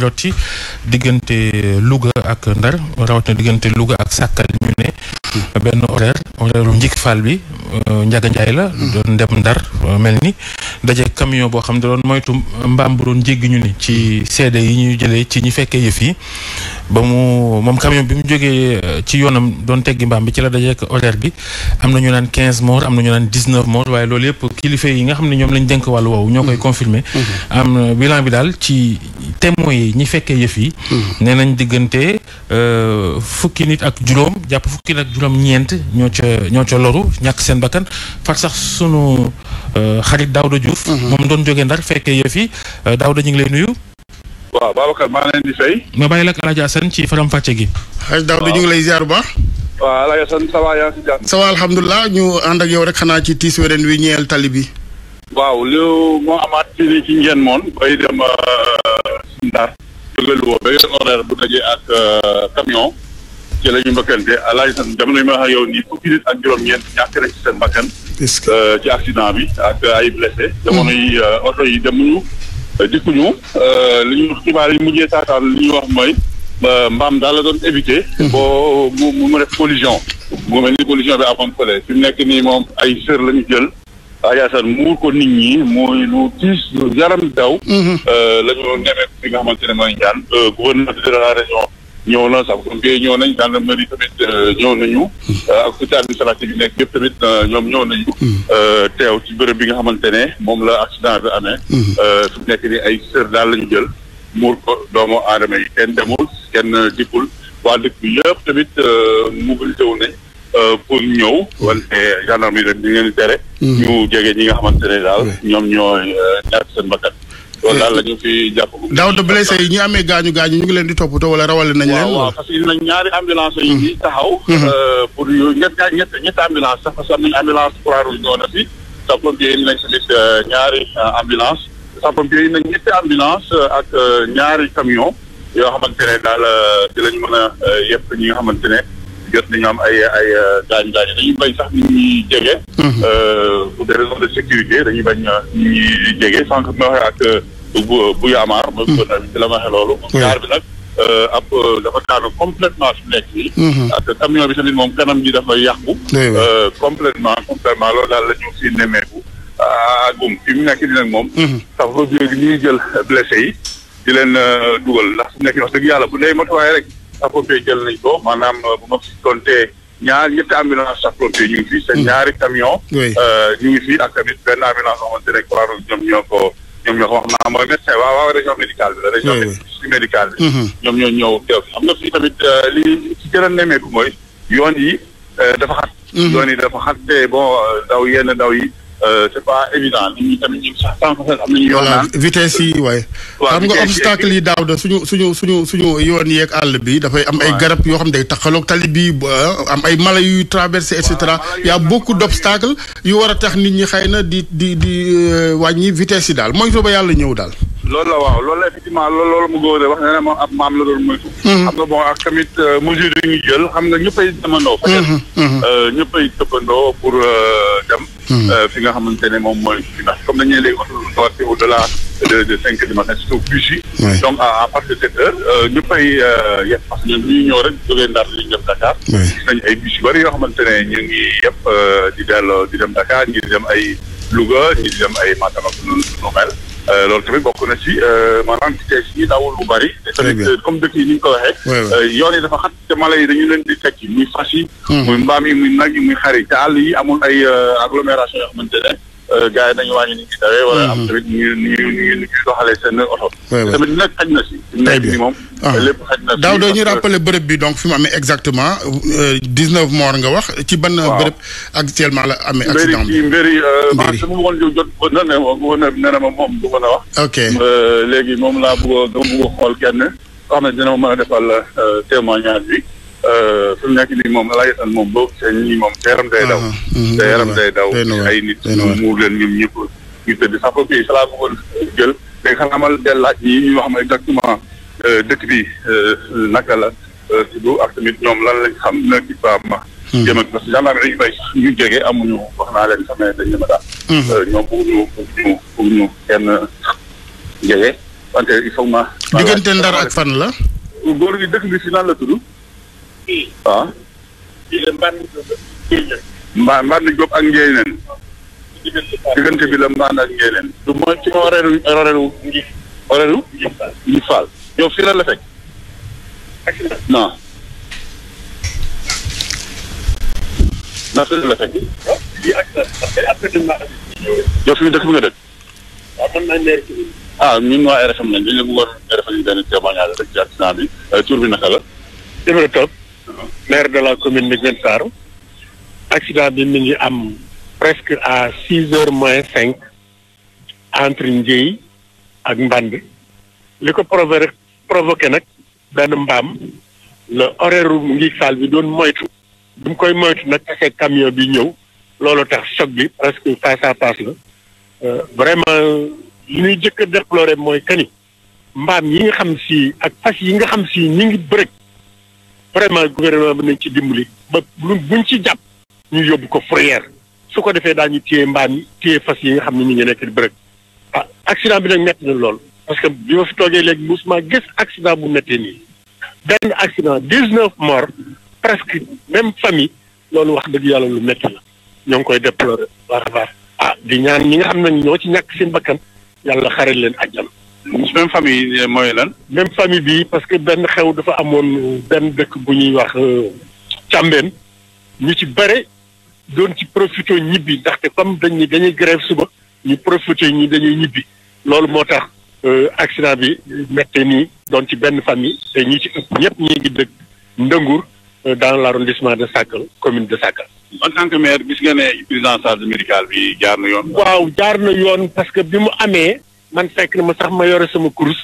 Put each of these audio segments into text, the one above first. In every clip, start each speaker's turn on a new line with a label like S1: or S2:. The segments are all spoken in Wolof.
S1: pilote yi diggante Louga ak Ndar rawatina diggante Louga ak Sàkkal ñu ne benn horaire horaire njik faal bi euh, Njaga Njaay la doon dem Ndar euh, mel ni daje camion boo xam ne doon moytu mbaam bu doon jéggi ñu ni ci seede yi ñuy jëlee ci ñi fekkee yëf yi ba mu moom camion bi mu jógee euh, ci yoonam doon teggi mbaam bi ci la dajeek horaire bi am na ñu naan quinze morts am na ñu naan dix-neuf morts waaye loolu yëpp kilifa yi nga xam ne ñoom lañ dénk wàllu woowu ñoo koy mm-hmm. confirmer mm-hmm. yi ñi fekkee yëf yi nee nañ diggante euh, fukki nit ak juróom jàpp fukki nit ak juróom ñeent ñoo ca ñoo ca loru ñàkk seen bakkan far sax sunu euh, xarit Daouda Diouf mhm. moom doon jógee Ndar fekkee yëf yi euh, Daouda ñu ngi lay nuyu ma bàyyi la ak Alaaji Asan ci faram ñu
S2: lay ziar ba baax waaw ñu àndak yow rek xanaa ci tiis wéren wi ñeel tali bi
S3: waaw lu moo amaat fii nii ci ngeen moon bay dem Ndar jóge Louga ba yor horaire bu dajee ak euh, camion ci la ñu mbëkkante alaaj san jamono yi ma wax yow nii fukki ak juróom-ñeent ñàkk na ci seen bakkan euh, ci accident bi ak ay blessé hmm. jamono euh, oto yi demuñu dikkuñu li ñu xibaar yi mujjee taataan li ñuy wax mooy mbaam daal la doon éviter hmm. boo mu mu def collision mu mel ni collision bi amoon fële mu nekk nii moom ay sër la ñu jël Ajaasaan muur ko nit ñi mooy lu tiis lu yaram daw. Mhm. Euh, la ñu nemmeeku nga xamante ne mooy njaan euh, gouverneur de la région ñëw na sax pompier nañ gendarmerie tamit euh, ñëw nañu. Mhm. ak côté administratif yi nekk yëpp tamit ñoom ñëw nañu. Mhm. teew ci bërëb bi nga xamante ne moom la accident bi amee. su nekk ni ay sër daal la jël muur ko doomu aadama yi kenn demul kenn dikkul waa dëkk yëpp tamit mobilisé wu nañ. Euh, pour ñëw. wante gendarmerie rek di ngeen tere. Hmm. ñu jege ñi nga xamante ne daal. ñoom ñooy euh, ñàkk seen bakkan. loolu daal la ñu fi jàpp.
S2: daaw de blessé yi ñi amee gaañu gaañu ñu ngi leen di toppatoo wala rawale nañ leen. waaw
S3: nañ ñaari ambulance yi ñuy hmm. taxaw. Hmm. Euh, pour ñett ñett ñett ambulance sax parce que am nañ ambulance Croix na fi. sapeurs-pompiers yi nañ tamit ñaari ambulance sapeurs-pompiers yi ñetti ambulance ak ñaari camion yoo xamante ne daal ci lañ mën a yëpp ñi nga xamante ne. jot nañu am ay ay gaañ euh, gaañ dañuy bañ sax nit ñi jege. Mhm. Euh, pour des raisons de sécurité dañuy bañ euh, nit ñi jege sànq ma waxee ak bu bu yaamaar. ma si mhm. la ma waxee loolu. gaar bi nag ab dafa daanu complètement su nekk bi. Mhm. ak camion bi tamit moom kanam bi dafa yàqu. complètement complètement loolu daal la ñu si nemmeeku. ah gum fi mu nekk nii moom. sax ba bi ñuy jël blessé yi di leen dugal ndax su nekk wax dëgg yàlla bu dee matuwaay rek. sapeurs-pompiers jël nañ ko maanaam euh, bu ma si compter ñaar ñetti ambulance sapeurs-pompiers ñu ngi fi. seen mm. ñaari camion euh, ñu ngi fi ak tamit benn ambulance xamante ne croix rouge ñoom ñoo ko ñoom ñoo ko wax naa mooy waaw région médicale bi la. région médicale bi. Mm-hmm. ñoom ñoo ñëw teew xam nga fii tamit euh, li ci gën a nemmeeku mooy yoon yi dafa xat. Mm-hmm. yoon yi dafa xat te bon daw yenn daw yi. Euh, c'est pas évident nit ñi tamit ñu vitesse yi waaye
S2: xam nga obstacle yi daaw da suñu suñu suñu suñu yoon yeeg àll bi dafay am ay garab yoo xam day taxaloog tali bi am ay mala yuy traversé et cetera y a beaucoup d'obstacles yu war a tax nit ñi xëy na di di di euh, wàññi vitesse yi daal mooy ba yàlla ñëw daal
S3: loolu la waaw loolu la effectivement loolu loolu mu góor wax na ne moom ab maam mhm. ak tamit euh, mesure yi ñu jël xam nga ñëppay demandoo peut mhm, mhm. pour dem Hmm. Euh, fi nga xamante ne moom mooy ndax comme dañuy léegi sorti au delà de de cinq du matin surtout bus yi donc à partir de sept heures euh, ñu fay euh, yëpp parce que ñun ñuy ñëw Ndar li ñu dem Dakar gis ay bus yu bëri yoo xamante ne ñu ngi yëpp di delloo di dem Dakar ñi di dem ay Louga ñi di dem ay Matam lu mel Euh, loolu tamit bokk na ci euh, maanaam vitesse yi dawul bu bari. te tamit comme dëkk yi ni ñu ko waxee. Euh, yoon yi dafa xat te mala yi dañu leen di tekki muy fas yi. Hmm. muy mbaam yi muy nag yi muy xar yi te àll yi amoon ay agglomération yoo xamante ne. Euh, gars yi nañu wàññi ni ñuy dawee. wala am mhm. tamit ñu doxalee seen oto. tamit nag xaj na si. très bien moom ah. lépp xaj na si. daaw doo ñu rappelé
S2: bërëb bi donc fi mu amee exactement euh, dix neuf morts nga wax. ci ban bërëb actuellement la amee. accident bi
S3: mbéri kii mbéri. Euh, mbéri ma woon jot moom du mën a wax. ok léegi moom laa bëgg a dama bëgg xool kenn. wax na dina ma mën a defal témoignage bi. Euh, fi mu nekk nii moom la yetan moom boobu seen ñii moom sa yaram day daw ah, ah, ah, sa yaram day daw ay nit ñu muur leen ñoom ñëpp ñu tëdd sax foofu yi salaa bëggoon jël mais xanaamal del laaj ñi ñu xam exactement euh, dëkk bi euh, naka la tudd ak tamit ñoom lan lañ xam na ci ma hmm. jëm ak ñu jege amuñu wax naa leen sama dañ ma daal hmm. ñoom bëgg ñu ñu bëgg ñu kenn jege wante il faut ma
S2: diggante ndar ak fan la góor gi dëkk bi si nan la tudd
S3: fii. Ah? waaw. fii la Mbane Mba Mbane Diop ak Ndiéyeen. diggante bi la ak Ndiéyeen. du mooy ci ma oreelu oreelu. Nji oreelu. Nji yow fii la la non. ndax fii la la
S1: yow fii dëkk bi nga dëkk. ah ñun waa RFM lañ dañ la bëggoon RFM yi benn témoignage rek euh, bi naka la. Ibra Top. maire de la commune de Guène Sarr accident bi mi ngi am presque à six heures moins cinq entre Ndiéy ak Mbande li ko provoqué provoqué nag benn mbaam la horaire ngi saal bi doon moytu bi koy moytu nag ese camion bi ñëw loolu tax choc bi presque face à face la euh, vraiment li ñuy jëkk a déploré mooy kani mbaam yi nga xam si ak fas yi nga xam si ñu ngi bërëg vraiment gouvernement bi nañ ci dimbali ba bu buñ ci jàpp ñu yóbbu ko fourrière su ko defee ñu téye mbaam yi téye fas yi nga xam ne ñu ngi nekk di bërëg ah accident bi nag metti na lool parce que bi ma fi toogee léegi musuma gis accident bu mettee nii benn accident dix-neuf morts presque même famille loolu wax dëgg yàlla lu metti la ñoo ngi koy déplorer baax a baax ah di ñaan ñi nga xam ne ñoo ci ñàkk seen bakkan yàlla xaral leen àjjana même famille euh, mooy lan. même famille bi parce que benn xew dafa amoon euh, benn dëkk bu ñuy wax euh, càmbeen ñu ci bare doon ci profité ñibbi ndaxte comme dañ ni dañuy grève suba ñu profité ñi dañuy ñibbi loolu moo tax accident bi mette nii doon ci benn famille te ñu ci ëpp ñëpp ñi ngi dëkk Ndëngur dans l' arrondissement de Sakal commune de Sakal. man tant que maire gis nga ne prise en charge médicale bi jaar na yoon. waaw jaar na yoon parce que bi mu amee. man fekk na ma sax ma yore sama course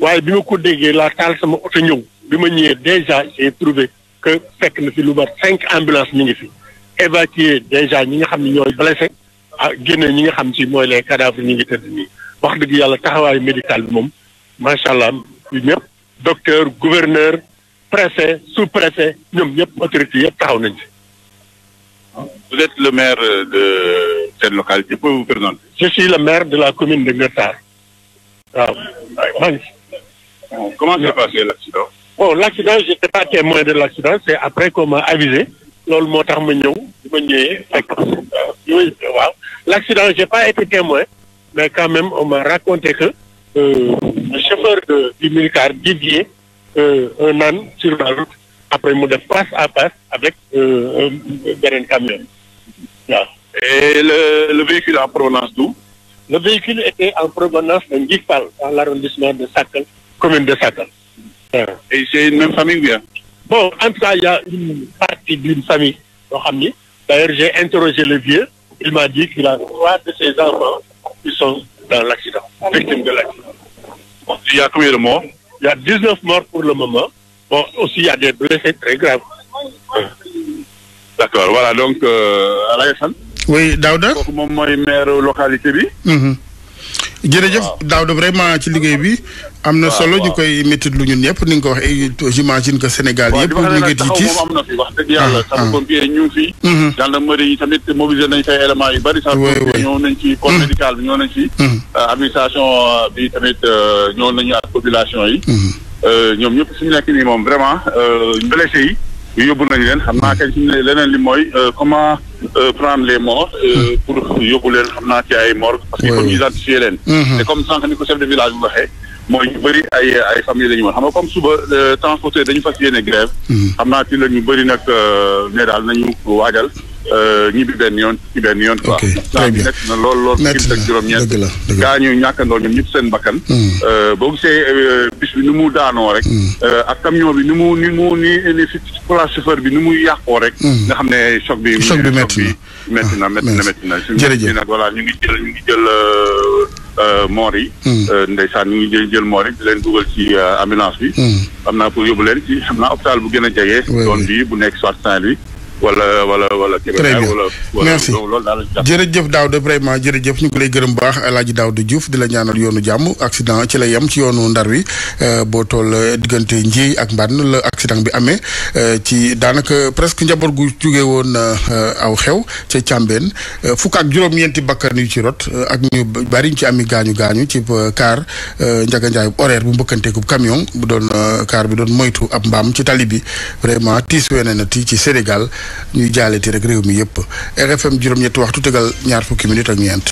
S1: waaye bi ma ko déggee la taal sama oto ñëw bi ma ñëwee déjà j'ai trouvé que fekk na fi lu ba cinq ambulances ñu ngi fi évacuer déjà ñi nga xam ne ñooy blessé ah génne ñi nga xam ci mooy les cadavres ñu ngi tëdd nii wax dëgg yàlla taxawaayu médical bi moom macha allah ñëpp docteur gouverneur préfet sous préfet ñoom ñëpp autorité yëpp taxaw nañ ci. vous êtes le maire de cette localité pouvez vous présenter. je suis de la commune de Ngetar. waaw maa ngi comment s'est passé l'accident bon l'accident j'étais pas témoin de l'accident c'est après qu'on m'a avisé loolu moo tax ma ñëw bi ma ñëwee fekk l'accident j'ai pas été témoin mais quand même on m'a raconté que euh, le chauffeur de du militaire euh, un âne sur la route après mu def face à face avec euh, un beneen et le véhicule en provenance d'où Le véhicule était en provenance d'un Guipal, dans l'arrondissement de Sakal, commune de Sakal. Et c'est une même famille ou bien en tout cas, il y a une partie d'une famille. D'ailleurs, j'ai interrogé le vieux. Il m'a dit qu'il a trois de ses enfants qui sont dans l'accident, victimes de l'accident. il y a combien de morts Il y a 19 morts pour le moment. Bon, aussi, il y a des blessés très graves.
S3: D'accord, voilà, donc, euh, oui Daouda kooku moom mooy maire localité bi.
S2: Mhm. jërëjëf Daouda vraiment ci liggéey bi. am na solo ñu koy métti lu ñun ñëpp ni nga ko waxee j'imagine que Sénégal yëpp. ñu ngi ci tiis am na
S3: fi wax dëgg yàlla. Ah, ah. sama pompier ñu ngi fi. Mhm. gendarmerie yi tamit mobilisé nañ say éléments yi bari. oui oui ñëw nañ ci corps mhm. médical bi ñëw nañ ci. Euh, administration euh, bi tamit euh, ñu nañu ak population yi. ñoom ñëpp suñu nekk nii moom vraiment blessé yi. yóbbu nañ leen xam naa kañ suñu ne leneen li mooy euh, comment euh, prendre les morts euh, hmm. pour yóbbu leen xam naa ci ay morts parce que il faut ñu identifier leen hmm. te comme sànq ni ko chef de village bu waxee mooy ñu bëri ay famille la ñu woon xam nga comme suba transporteur dañu fas yéene grève hmm. xam naa ci la ñu bëri nag ne daal nañu waajal Euh, ñibbi benn yoon ci benn yoon. ok très bien nekk na lool lool. métti na juróom-ñeent gaa ñu ñàkkandoo ñoom ñëpp seen bakkan. Hmm. Euh, boo gisee euh, bis ni mu daanoo rek. Hmm. ak camion bi ni mu ni ni ni si place chauffeur bi ni mu yàqoo rek. Hmm. nga xam ne choc bi. choc bi métti na métti na ah, métti na métti na. jërëjëf ñu ngi jël ñu ngi jël. moor yi ñu ngi jël moor yi di leen dugal ci ambulance bi xam naa pour yóbbu leen ci xam naa hôpital bu gën a jege zone bi bu nekk soit saint wala wala wala. très bien merci
S2: jërëjëf Daouda vraiment jërëjëf ñu ngi lay gërëm baax laaj Hadj Daouda Diouf di la ñaanal yoonu jàmm accident ci la yem ci yoonu ndar wi euh, boo toll euh, diggante Ndiéy ak Mbann la accident bi amee euh, ci daanaka presque njaboot gu jóge woon aw xew ca Càmbeen fukk ak juróom-ñeenti bakkan yu ci rot ak ñu bari ñu ci ami gaañu gaañu ci car Njaga Njaay horaire bu mbëkkanteeku camion bu doon car bi doon moytu ab mbaam ci tali bi vraiment tiis weneen na ti ci Sénégal. ñuy jaaleti rek réew mi yëpp RFM juróom-ñetti waxtu tegal ñaar fukki minute ak ñeent.